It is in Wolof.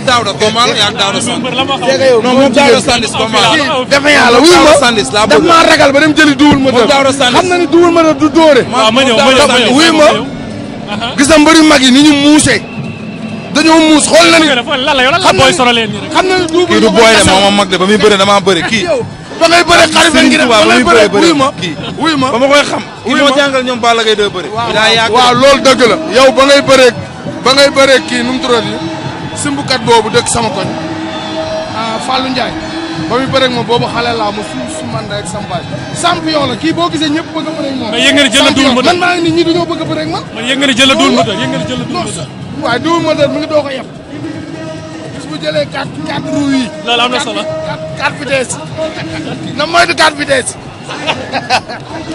moom Daouda Komal yaa Daouda Sandwich. non moom Daouda Sandwich Komal. Ah, ma ragal ba dem jëli duwul ma dër. xam na ni duwul ma dër du dóore. waaw ah, ma ñëw ma ñëw ma ñëw wuyu ma. Uh-huh. gis na mbëri mag yi ni ñu muusee. dañoo muus xool na ni. xam na ni kii du booy de moom mag de ba muy bëre damaa bëre kii. ba ngay bëre xarit la ngi ba ngay bëre ba ma koy xam. wuy ma kii ñoo jàngal ñoom Balla Gaye doo bëre. waaw loolu dëgg la yow ba ngay bëre ba ngay kii nu mu tuddati sumbukat boobu dëkk sama koñ ah, Fallou Ndiaye ba muy bëreeg ma boobu xale laa ma suuf su man rek sambaay champion la kii boo gisee ñëpp bëgg a bëreeg moom. mais yëg nga ni jël duul ma man maa ngi ni ñi dañoo bëgg a bëreeg man. man yëg nga ni jël duul ma yëg nga duul ma waaye mi ngi doo ko yeb bis bu jëlee quatre quatre roues yi. loolu am na solo quatre vitesse na moytu